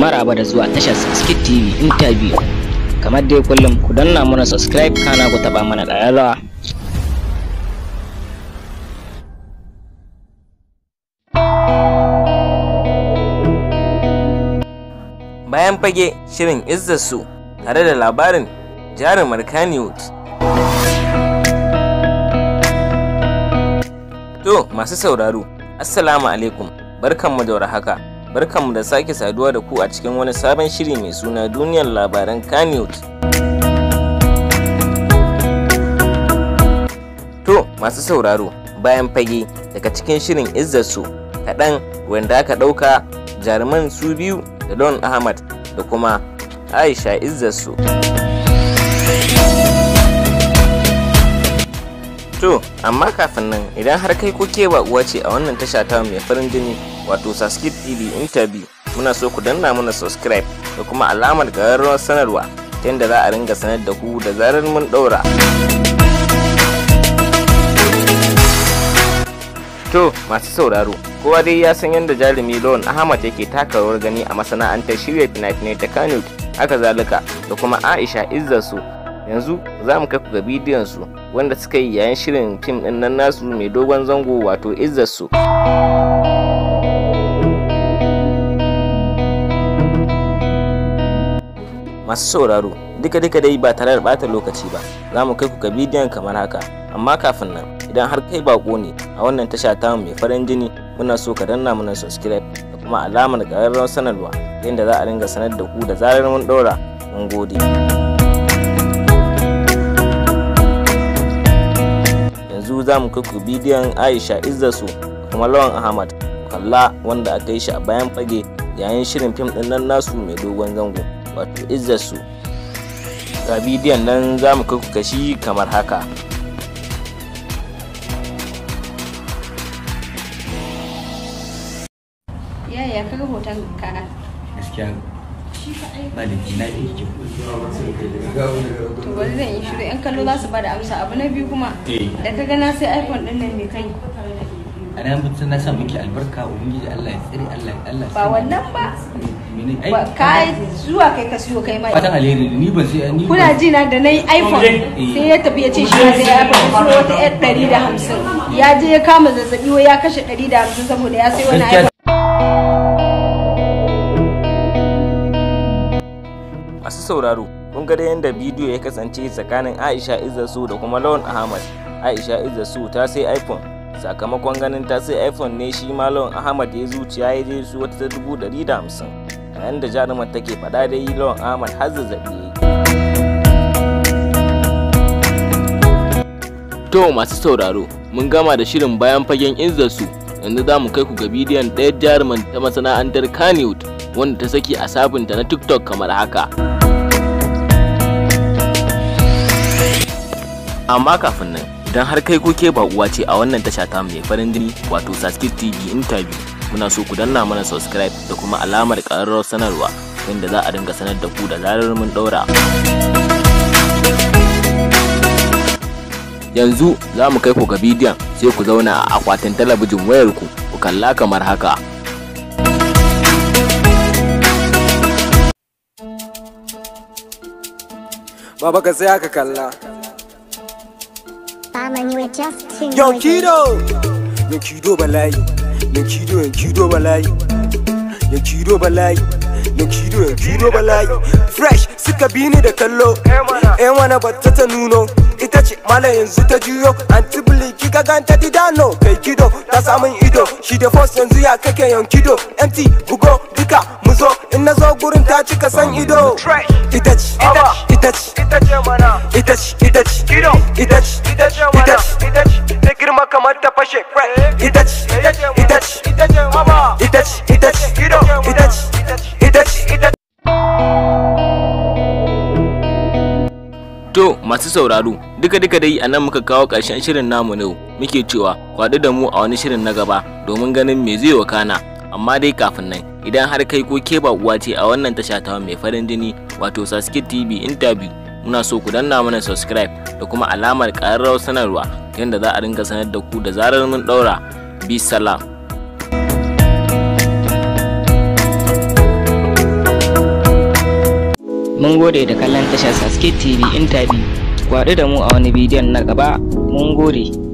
maraba da zuwa tashar skit tv interview kamar dai kullum ku danna mana subscribe kana ku taba mana ɗayalawa bayan fage shirin su tare da labarin jarumar kaniwood to masu sauraro assalamu alaikum barkanmu da haka Barkanmu da sake saduwa da ku a cikin wani sabon shiri mai suna duniyar labaran Kanyot. To masu sauraro bayan fage daga cikin shirin izzarsu kaɗan wanda aka ɗauka jaruman su biyu da Don Ahmad da kuma Aisha izzarsu. To, amma kafin nan idan har kai ko kewa uwa ce a wannan tasha ta mai farin jini wato saskit tv interview muna so ku danna mana subscribe da kuma alamar gararrawar sanarwa ta yadda za a ringa sanar da ku da zarar mun daura. To masu sauraro, kowa dai ya san yadda jarumi Lawan Ahmad yake taka rawar gani a masana'antar shirya fina-finai ta Kano aka zalika da kuma Aisha Izzasu. Yanzu za mu kai ku ga bidiyon su wanda suka yi yayin shirin fim ɗin nan nasu mai dogon zango wato Izzasu. masu sauraro duka duka dai ba tare da bata lokaci ba za mu kai ku ga bidiyon kamar haka amma kafin nan idan har kai bako ne a wannan tasha tamu mai farin jini muna so ka danna mana subscribe da kuma alamar ƙararrawar sanarwa inda za a ringa sanar da ku da zarar mun ɗora mun gode yanzu za mu kai ku bidiyon aisha izzasu kuma lawan ahmad kalla wanda aka yi shi a bayan fage yayin shirin fim ɗin nan nasu mai dogon zango wato izzarsu ga bidiyon nan za mu kai kashi kamar haka yaya ka hoton kaka gaskiya ba da jina da yake to bari zan yi shiru yan kallo za su ba da amsa abu na biyu kuma eh. da ka gana sai iphone din nan mai kai a nan mutum na sa miki albarka ubangiji allah ya tsiri allah ya allah ba wannan ba eh. mene kai zuwa kai ka siyo kai mai kuna ji na da nayi iphone sai ya tafi ya ce shi wata 150 ya je ya kama zazzabi wai ya kashe 150 saboda ya sai wani iphone masu sauraro kun ga yadda bidiyo ya kasance tsakanin aisha izzasu da kuma lawan ahmad aisha izzasu ta sai iphone sakamakon ganin ta sai iphone ne shi malon ahmad ya zuciya ya je su wata ta dubu ɗari da hamsin da jarumar take faɗa yi lawan ahmad har zazzaɓi ya to masu sauraro mun gama da shirin bayan fagen inzarsu yanzu za mu kai ku ga bidiyon ɗaya jaruman ta masana'antar kaniwood wanda ta saki a sabunta na tiktok kamar haka amma kafin nan don har kai kuke ba uwa ce a wannan tasha ta mai farin jini wato saskit tv interview muna so ku danna mana subscribe da kuma alamar ƙararrawar sanarwa inda za a dinga sanar da ku da zarar mun ɗaura. Yanzu za mu kai ku ga bidiyon sai ku zauna a akwatin talabijin wayarku ku kalla kamar haka. Baba ka sai aka kalla. Yau kido! Yau kido balayi! ya kido balayi balayi ya kido balayi fresh suka bini da kallo eh mana batta ta nuno ita ce mala yanzu ta juyo anti buliki ta ganta didano kai kido ta samun ido shi da force yanzu ya kake kido. mt bugo duka mu zo in na zo gurin ta cika san ido ita ce ita ce ita ce ita ce ita ce ita ce ita ce ita ce kamar fashe To masu sauraro duka duka dai a nan muka kawo ƙarshen shirin namu ne muke cewa kwadu da mu a wani shirin na gaba domin ganin me zai wakana amma dai kafin nan idan har kai ko ke ba uwa ce a wannan tasha ta mai farin jini wato Saskit TV interview muna so ku danna mana subscribe da kuma alamar ƙararrawar sanarwa yadda za a dinga sanar da ku da zarar mun ɗaura bi salam mun gode da kallon tashar saske tv interview kwaɗu da mu a wani bidiyon na gaba mun gode